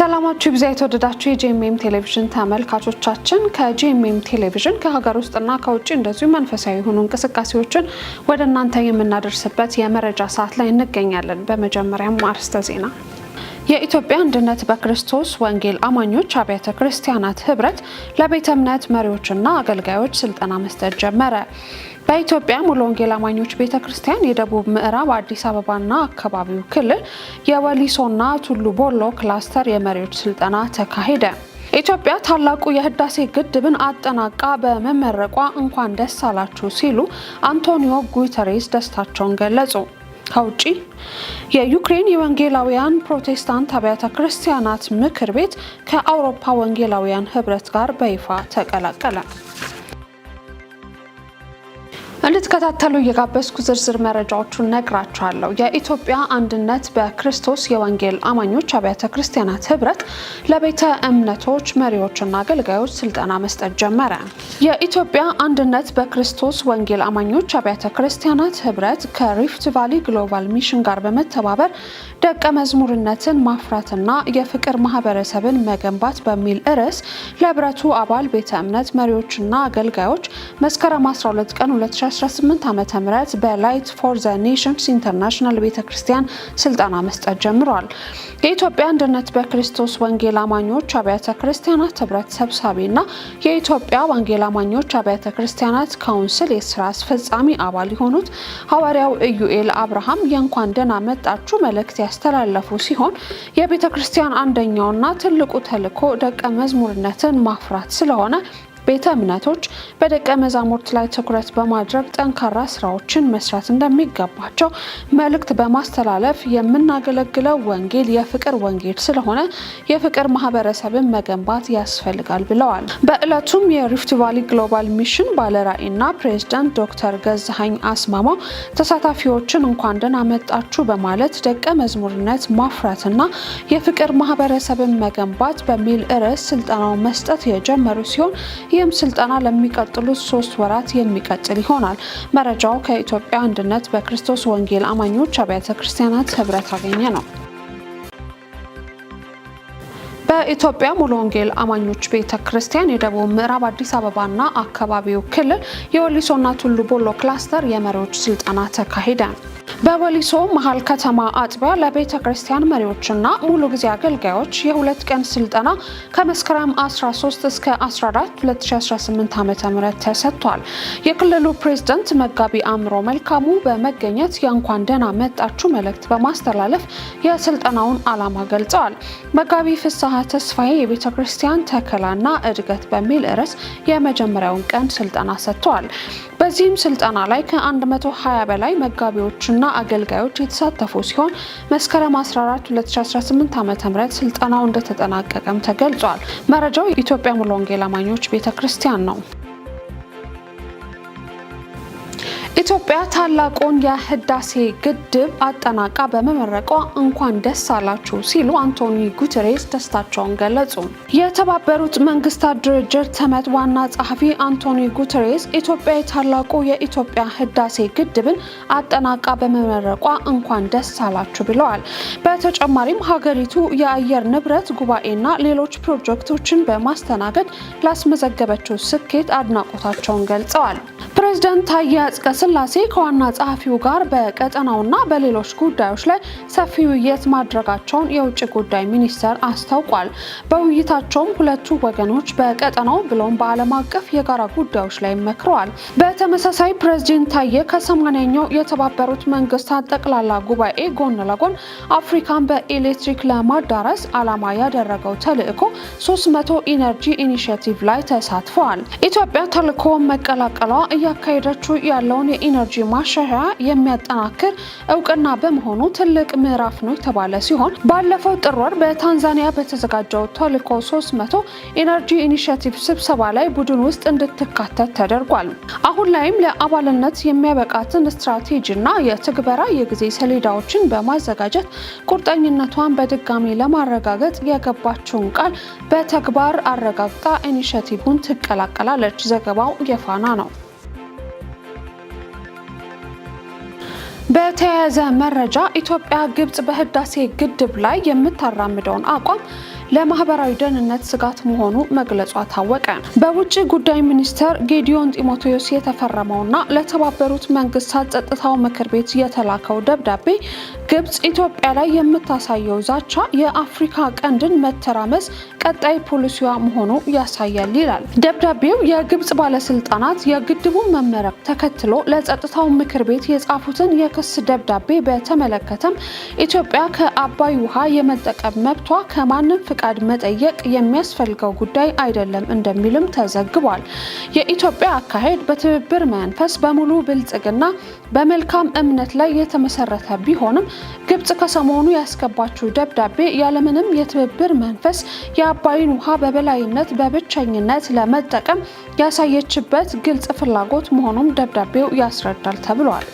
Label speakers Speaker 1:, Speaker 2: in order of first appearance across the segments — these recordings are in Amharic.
Speaker 1: ሰላማችሁ ይብዛ የተወደዳችሁ የጂኤምኤም ቴሌቪዥን ተመልካቾቻችን፣ ከጂኤምኤም ቴሌቪዥን ከሀገር ውስጥና ከውጭ እንደዚሁ መንፈሳዊ የሆኑ እንቅስቃሴዎችን ወደ እናንተ የምናደርስበት የመረጃ ሰዓት ላይ እንገኛለን። በመጀመሪያም አርዕስተ ዜና። የኢትዮጵያ አንድነት በክርስቶስ ወንጌል አማኞች አብያተ ክርስቲያናት ህብረት ለቤተ እምነት መሪዎችና አገልጋዮች ስልጠና መስጠት ጀመረ። በኢትዮጵያ ሙሉ ወንጌል አማኞች ቤተ ክርስቲያን የደቡብ ምዕራብ አዲስ አበባና አካባቢው ክልል የወሊሶና ቱሉ ቦሎ ክላስተር የመሪዎች ስልጠና ተካሄደ። ኢትዮጵያ ታላቁ የህዳሴ ግድብን አጠናቃ በመመረቋ እንኳን ደስ አላችሁ ሲሉ አንቶኒዮ ጉተሬስ ደስታቸውን ገለጹ። ከውጪ የዩክሬን የወንጌላውያን ፕሮቴስታንት አብያተ ክርስቲያናት ምክር ቤት ከአውሮፓ ወንጌላውያን ህብረት ጋር በይፋ ተቀላቀለ። እንድትከታተሉ እየጋበዝኩ ዝርዝር መረጃዎቹን ነግራችኋለሁ። የኢትዮጵያ አንድነት በክርስቶስ የወንጌል አማኞች አብያተ ክርስቲያናት ህብረት ለቤተ እምነቶች መሪዎችና አገልጋዮች ስልጠና መስጠት ጀመረ። የኢትዮጵያ አንድነት በክርስቶስ ወንጌል አማኞች አብያተ ክርስቲያናት ህብረት ከሪፍት ቫሊ ግሎባል ሚሽን ጋር በመተባበር ደቀ መዝሙርነትን ማፍራትና የፍቅር ማህበረሰብን መገንባት በሚል ርዕስ ለህብረቱ አባል ቤተ እምነት መሪዎችና አገልጋዮች መስከረም 12 ቀን 18 2018 ዓ ም በላይት ፎር ዘ ኔሽንስ ኢንተርናሽናል ቤተ ክርስቲያን ስልጠና መስጠት ጀምሯል። የኢትዮጵያ አንድነት በክርስቶስ ወንጌል አማኞች አብያተ ክርስቲያናት ህብረት ሰብሳቢና የኢትዮጵያ ወንጌል አማኞች አብያተ ክርስቲያናት ካውንስል የስራ አስፈጻሚ አባል የሆኑት ሐዋርያው ኢዩኤል አብርሃም የእንኳን ደህና መጣችሁ መልእክት ያስተላለፉ ሲሆን የቤተ ክርስቲያን አንደኛውና ትልቁ ተልዕኮ ደቀ መዝሙርነትን ማፍራት ስለሆነ ቤተ እምነቶች በደቀ መዛሙርት ላይ ትኩረት በማድረግ ጠንካራ ስራዎችን መስራት እንደሚገባቸው መልእክት በማስተላለፍ የምናገለግለው ወንጌል የፍቅር ወንጌል ስለሆነ የፍቅር ማህበረሰብን መገንባት ያስፈልጋል ብለዋል። በእለቱም የሪፍት ቫሊ ግሎባል ሚሽን ባለራዕይና ፕሬዝዳንት ዶክተር ገዛሀኝ አስማማ ተሳታፊዎችን እንኳን ደህና መጣችሁ በማለት ደቀ መዝሙርነት ማፍራትና የፍቅር ማህበረሰብን መገንባት በሚል ርዕስ ስልጠናው መስጠት የጀመሩ ሲሆን ይህም ስልጠና ለሚቀጥሉት ሶስት ወራት የሚቀጥል ይሆናል። መረጃው ከኢትዮጵያ አንድነት በክርስቶስ ወንጌል አማኞች አብያተ ክርስቲያናት ህብረት አገኘ ነው። በኢትዮጵያ ሙሉ ወንጌል አማኞች ቤተ ክርስቲያን የደቡብ ምዕራብ አዲስ አበባና አካባቢው ክልል የወሊሶና ቱሉ ቦሎ ክላስተር የመሪዎች ስልጠና ተካሂደ። ነው በወሊሶ መሀል ከተማ አጥቢያ ለቤተ ክርስቲያን መሪዎችና ሙሉ ጊዜ አገልጋዮች የሁለት ቀን ስልጠና ከመስከረም 13 እስከ 14 2018 ዓ ም ተሰጥቷል። የክልሉ ፕሬዝደንት መጋቢ አእምሮ መልካሙ በመገኘት የእንኳን ደህና መጣችሁ መልእክት በማስተላለፍ የስልጠናውን ዓላማ ገልጸዋል። መጋቢ ፍስሐ ተስፋዬ የቤተ ክርስቲያን ተከላና እድገት በሚል ርዕስ የመጀመሪያውን ቀን ስልጠና ሰጥተዋል። በዚህም ስልጠና ላይ ከ120 በላይ መጋቢዎች ። እና አገልጋዮች የተሳተፉ ሲሆን መስከረም 14 2018 ዓ ም ስልጠናው እንደተጠናቀቀም ተገልጿል። መረጃው የኢትዮጵያ ሙሉ ወንጌል አማኞች ቤተ ክርስቲያን ነው። ኢትዮጵያ ታላቁን የህዳሴ ግድብ አጠናቃ በመመረቋ እንኳን ደስ አላችሁ ሲሉ አንቶኒ ጉተሬስ ደስታቸውን ገለጹ። የተባበሩት መንግስታት ድርጅት ተመድ ዋና ጸሐፊ አንቶኒ ጉተሬስ ኢትዮጵያ የታላቁ የኢትዮጵያ ህዳሴ ግድብን አጠናቃ በመመረቋ እንኳን ደስ አላችሁ ብለዋል። በተጨማሪም ሀገሪቱ የአየር ንብረት ጉባኤና ሌሎች ፕሮጀክቶችን በማስተናገድ ላስመዘገበችው ስኬት አድናቆታቸውን ገልጸዋል። ፕሬዚዳንት ታዬ ስላሴ ከዋና ጸሐፊው ጋር በቀጠናውና በሌሎች ጉዳዮች ላይ ሰፊ ውይይት ማድረጋቸውን የውጭ ጉዳይ ሚኒስቴር አስታውቋል። በውይይታቸውም ሁለቱ ወገኖች በቀጠናው ብሎም በዓለም አቀፍ የጋራ ጉዳዮች ላይ መክረዋል። በተመሳሳይ ፕሬዚደንት ታዬ ከሰማንያኛው የተባበሩት መንግስታት ጠቅላላ ጉባኤ ጎን ለጎን አፍሪካን በኤሌክትሪክ ለማዳረስ ዓላማ ያደረገው ተልዕኮ 300 ኢነርጂ ኢኒሽቲቭ ላይ ተሳትፈዋል። ኢትዮጵያ ተልዕኮ መቀላቀሏ እያካሄደችው ያለውን የኢነርጂ ማሻሻያ የሚያጠናክር እውቅና በመሆኑ ትልቅ ምዕራፍ ነው የተባለ ሲሆን ባለፈው ጥር ወር በታንዛኒያ በተዘጋጀው ቶሊኮ 300 ኢነርጂ ኢኒሽቲቭ ስብሰባ ላይ ቡድን ውስጥ እንድትካተት ተደርጓል። አሁን ላይም ለአባልነት የሚያበቃትን ስትራቴጂና የትግበራ የጊዜ ሰሌዳዎችን በማዘጋጀት ቁርጠኝነቷን በድጋሚ ለማረጋገጥ የገባቸውን ቃል በተግባር አረጋግጣ ኢኒሽቲቭን ትቀላቀላለች። ዘገባው የፋና ነው። በተያያዘ መረጃ ኢትዮጵያ ግብጽ በህዳሴ ግድብ ላይ የምታራምደውን አቋም ለማህበራዊ ደህንነት ስጋት መሆኑ መግለጿ ታወቀ። በውጭ ጉዳይ ሚኒስተር ጌዲዮን ጢሞቴዎስ የተፈረመውና ለተባበሩት መንግስታት ጸጥታው ምክር ቤት የተላከው ደብዳቤ ግብጽ ኢትዮጵያ ላይ የምታሳየው ዛቻ የአፍሪካ ቀንድን መተራመስ ቀጣይ ፖሊሲዋ መሆኑ ያሳያል ይላል ደብዳቤው። የግብጽ ባለስልጣናት የግድቡን መመረቅ ተከትሎ ለጸጥታው ምክር ቤት የጻፉትን የክስ ደብዳቤ በተመለከተም ኢትዮጵያ ከአባይ ውሃ የመጠቀም መብቷ ከማንም ፈቃድ መጠየቅ የሚያስፈልገው ጉዳይ አይደለም እንደሚልም ተዘግቧል። የኢትዮጵያ አካሄድ በትብብር መንፈስ በሙሉ ብልጽግና በመልካም እምነት ላይ የተመሰረተ ቢሆንም ግብጽ ከሰሞኑ ያስገባችው ደብዳቤ ያለምንም የትብብር መንፈስ የአባይን ውሃ በበላይነት በብቸኝነት ለመጠቀም ያሳየችበት ግልጽ ፍላጎት መሆኑም ደብዳቤው ያስረዳል ተብሏል።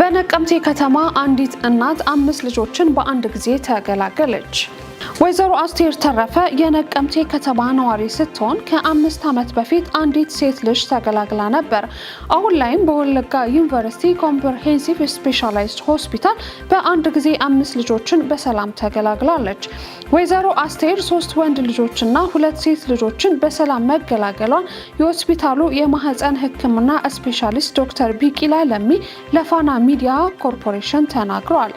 Speaker 1: በነቀምቴ ከተማ አንዲት እናት አምስት ልጆችን በአንድ ጊዜ ተገላገለች። ወይዘሮ አስቴር ተረፈ የነቀምቴ ከተማ ነዋሪ ስትሆን ከአምስት ዓመት በፊት አንዲት ሴት ልጅ ተገላግላ ነበር። አሁን ላይም በወለጋ ዩኒቨርሲቲ ኮምፕሬሄንሲቭ ስፔሻላይዝድ ሆስፒታል በአንድ ጊዜ አምስት ልጆችን በሰላም ተገላግላለች። ወይዘሮ አስቴር ሶስት ወንድ ልጆችና ሁለት ሴት ልጆችን በሰላም መገላገሏን የሆስፒታሉ የማህፀን ሕክምና ስፔሻሊስት ዶክተር ቢቂላ ለሚ ለፋና ሚዲያ ኮርፖሬሽን ተናግረዋል።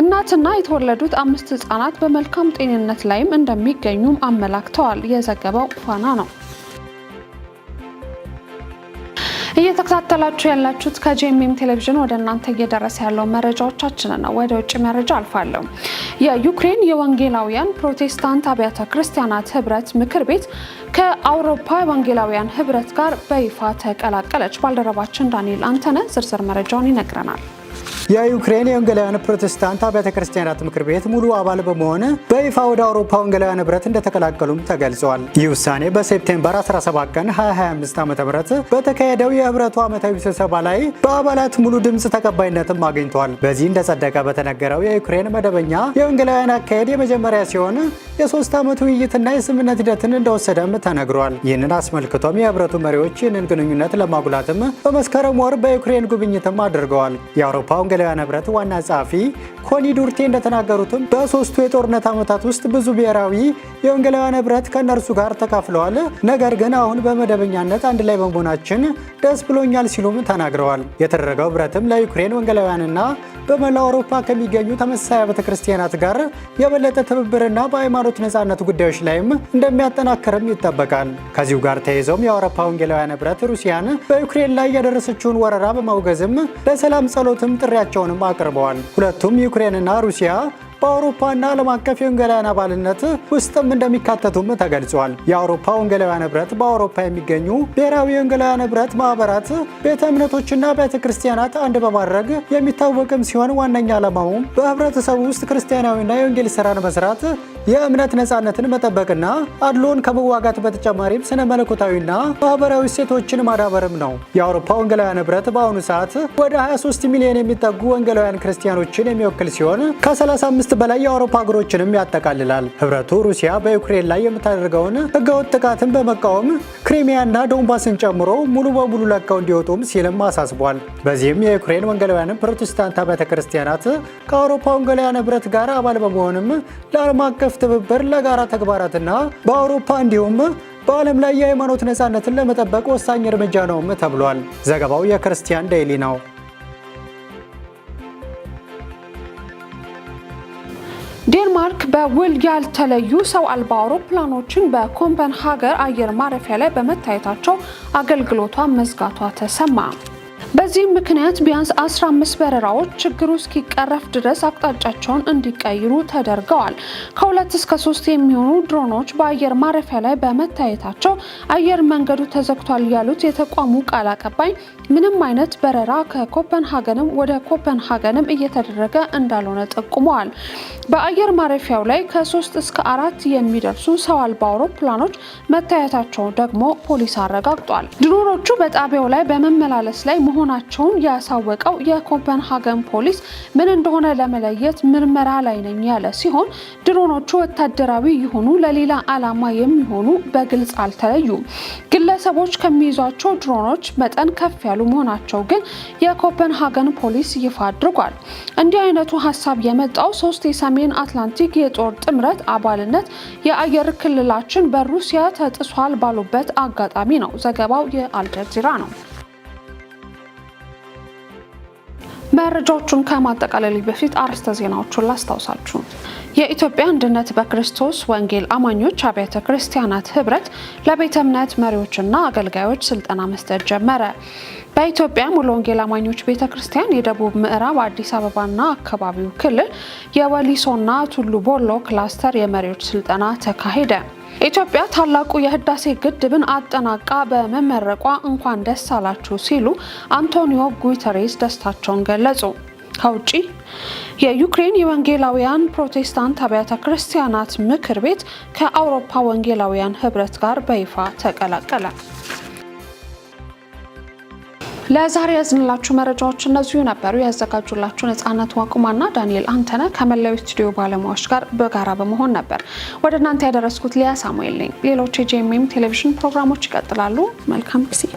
Speaker 1: እናትና የተወለዱት አምስት ህጻናት በመልካም ጤንነት ላይም እንደሚገኙም አመላክተዋል። የዘገበው ፋና ነው። እየተከታተላችሁ ያላችሁት ከጄኤምኤም ቴሌቪዥን ወደ እናንተ እየደረሰ ያለው መረጃዎቻችን ነው። ወደ ውጭ መረጃ አልፋለሁ። የዩክሬን የወንጌላውያን ፕሮቴስታንት አብያተ ክርስቲያናት ህብረት ምክር ቤት ከአውሮፓ የወንጌላውያን ህብረት ጋር በይፋ ተቀላቀለች። ባልደረባችን ዳንኤል አንተነ ዝርዝር መረጃውን ይነግረናል።
Speaker 2: የዩክሬን የወንጌላውያን ፕሮቴስታንት አብያተ ክርስቲያናት ምክር ቤት ሙሉ አባል በመሆን በይፋ ወደ አውሮፓ ወንጌላውያን ህብረት እንደተቀላቀሉም ተገልጿል። ይህ ውሳኔ በሴፕቴምበር 17 ቀን 2025 ዓ ም በተካሄደው የህብረቱ ዓመታዊ ስብሰባ ላይ በአባላት ሙሉ ድምፅ ተቀባይነትም አግኝቷል። በዚህ እንደጸደቀ በተነገረው የዩክሬን መደበኛ የወንጌላውያን አካሄድ የመጀመሪያ ሲሆን የሶስት ዓመት ውይይትና የስምምነት ሂደትን እንደወሰደም ተነግሯል። ይህንን አስመልክቶም የህብረቱ መሪዎች ይህንን ግንኙነት ለማጉላትም በመስከረም ወር በዩክሬን ጉብኝትም አድርገዋል። የአውሮፓ ወንጌላውያን ንብረት ዋና ጸሐፊ ኮኒ ዱርቴ እንደተናገሩትም በሶስቱ የጦርነት ዓመታት ውስጥ ብዙ ብሔራዊ የወንጌላውያን ኅብረት ከእነርሱ ጋር ተካፍለዋል። ነገር ግን አሁን በመደበኛነት አንድ ላይ በመሆናችን ደስ ብሎኛል ሲሉም ተናግረዋል። የተደረገው ኅብረትም ለዩክሬን ወንጌላውያንና በመላው አውሮፓ ከሚገኙ ተመሳሳይ ቤተ ክርስቲያናት ጋር የበለጠ ትብብርና በሃይማኖት ነፃነት ጉዳዮች ላይም እንደሚያጠናክርም ይጠበቃል። ከዚሁ ጋር ተያይዘውም የአውሮፓ ወንጌላውያን ኅብረት ሩሲያን በዩክሬን ላይ ያደረሰችውን ወረራ በማውገዝም ለሰላም ጸሎትም ጥሪያ ጥያቄያቸውንም አቅርበዋል። ሁለቱም ዩክሬንና ሩሲያ በአውሮፓና ዓለም አቀፍ የወንጌላውያን አባልነት ውስጥም እንደሚካተቱም ተገልጿል። የአውሮፓ ወንጌላውያን ኅብረት በአውሮፓ የሚገኙ ብሔራዊ የወንጌላውያን ኅብረት ማኅበራት ቤተ እምነቶችና ቤተ ክርስቲያናት አንድ በማድረግ የሚታወቅም ሲሆን ዋነኛ ዓላማውም በኅብረተሰቡ ውስጥ ክርስቲያናዊና የወንጌል ሥራን መስራት የእምነት ነፃነትን መጠበቅና አድሎን ከመዋጋት በተጨማሪም ስነ መለኮታዊና ማህበራዊ እሴቶችን ማዳበርም ነው። የአውሮፓ ወንጌላውያን ህብረት በአሁኑ ሰዓት ወደ 23 ሚሊዮን የሚጠጉ ወንጌላውያን ክርስቲያኖችን የሚወክል ሲሆን ከ35 በላይ የአውሮፓ ሀገሮችንም ያጠቃልላል። ህብረቱ ሩሲያ በዩክሬን ላይ የምታደርገውን ህገወጥ ጥቃትን በመቃወም ክሪሚያና ዶንባስን ጨምሮ ሙሉ በሙሉ ለቀው እንዲወጡም ሲልም አሳስቧል። በዚህም የዩክሬን ወንጌላውያን ፕሮቴስታንት አብያተ ክርስቲያናት ከአውሮፓ ወንጌላውያን ህብረት ጋር አባል በመሆንም ለዓለም አቀፍ ትብብር ለጋራ ተግባራትና በአውሮፓ እንዲሁም በዓለም ላይ የሃይማኖት ነፃነትን ለመጠበቅ ወሳኝ እርምጃ ነውም ተብሏል። ዘገባው የክርስቲያን ዴይሊ ነው።
Speaker 1: ዴንማርክ በውል ያልተለዩ ሰው አልባ አውሮፕላኖችን በኮምፐንሃገር አየር ማረፊያ ላይ በመታየታቸው አገልግሎቷን መዝጋቷ ተሰማ። በዚህም ምክንያት ቢያንስ 15 በረራዎች ችግሩ እስኪቀረፍ ድረስ አቅጣጫቸውን እንዲቀይሩ ተደርገዋል። ከሁለት እስከ ሶስት የሚሆኑ ድሮኖች በአየር ማረፊያ ላይ በመታየታቸው አየር መንገዱ ተዘግቷል ያሉት የተቋሙ ቃል አቀባይ ምንም አይነት በረራ ከኮፐንሃገንም ወደ ኮፐንሃገንም እየተደረገ እንዳልሆነ ጠቁመዋል። በአየር ማረፊያው ላይ ከሶስት እስከ አራት የሚደርሱ ሰው አልባ አውሮፕላኖች መታየታቸውን ደግሞ ፖሊስ አረጋግጧል። ድሮኖቹ በጣቢያው ላይ በመመላለስ ላይ መሆናቸውን ያሳወቀው የኮፐንሃገን ፖሊስ ምን እንደሆነ ለመለየት ምርመራ ላይ ነኝ ያለ ሲሆን ድሮኖቹ ወታደራዊ ይሁኑ ለሌላ ዓላማ የሚሆኑ በግልጽ አልተለዩም። ግለሰቦች ከሚይዟቸው ድሮኖች መጠን ከፍ ያሉ መሆናቸው ግን የኮፐንሃገን ፖሊስ ይፋ አድርጓል። እንዲህ አይነቱ ሀሳብ የመጣው ሶስት የሰሜን አትላንቲክ የጦር ጥምረት አባልነት የአየር ክልላችን በሩሲያ ተጥሷል ባሉበት አጋጣሚ ነው። ዘገባው የአልጀዚራ ነው። መረጃዎቹን ከማጠቃለል በፊት አርዕስተ ዜናዎቹን ላስታውሳችሁ። የኢትዮጵያ አንድነት በክርስቶስ ወንጌል አማኞች አብያተ ክርስቲያናት ህብረት ለቤተ እምነት መሪዎችና አገልጋዮች ስልጠና መስጠት ጀመረ። በኢትዮጵያ ሙሉ ወንጌል አማኞች ቤተ ክርስቲያን የደቡብ ምዕራብ አዲስ አበባና አካባቢው ክልል የወሊሶና ቱሉ ቦሎ ክላስተር የመሪዎች ስልጠና ተካሄደ። ኢትዮጵያ ታላቁ የህዳሴ ግድብን አጠናቃ በመመረቋ እንኳን ደስ አላችሁ ሲሉ አንቶኒዮ ጉተሬስ ደስታቸውን ገለጹ። ከውጪ የዩክሬን የወንጌላውያን ፕሮቴስታንት አብያተ ክርስቲያናት ምክር ቤት ከአውሮፓ ወንጌላውያን ህብረት ጋር በይፋ ተቀላቀለ። ለዛሬ ያዝንላችሁ መረጃዎች እነዚሁ ነበሩ። ያዘጋጁላችሁ ነጻነት ዋቁማና ዳንኤል አንተነ ከመላው ስቱዲዮ ባለሙያዎች ጋር በጋራ በመሆን ነበር ወደ እናንተ ያደረስኩት። ሊያ ሳሙኤል ነኝ። ሌሎች የጂኤምኤም ቴሌቪዥን ፕሮግራሞች ይቀጥላሉ። መልካም ጊዜ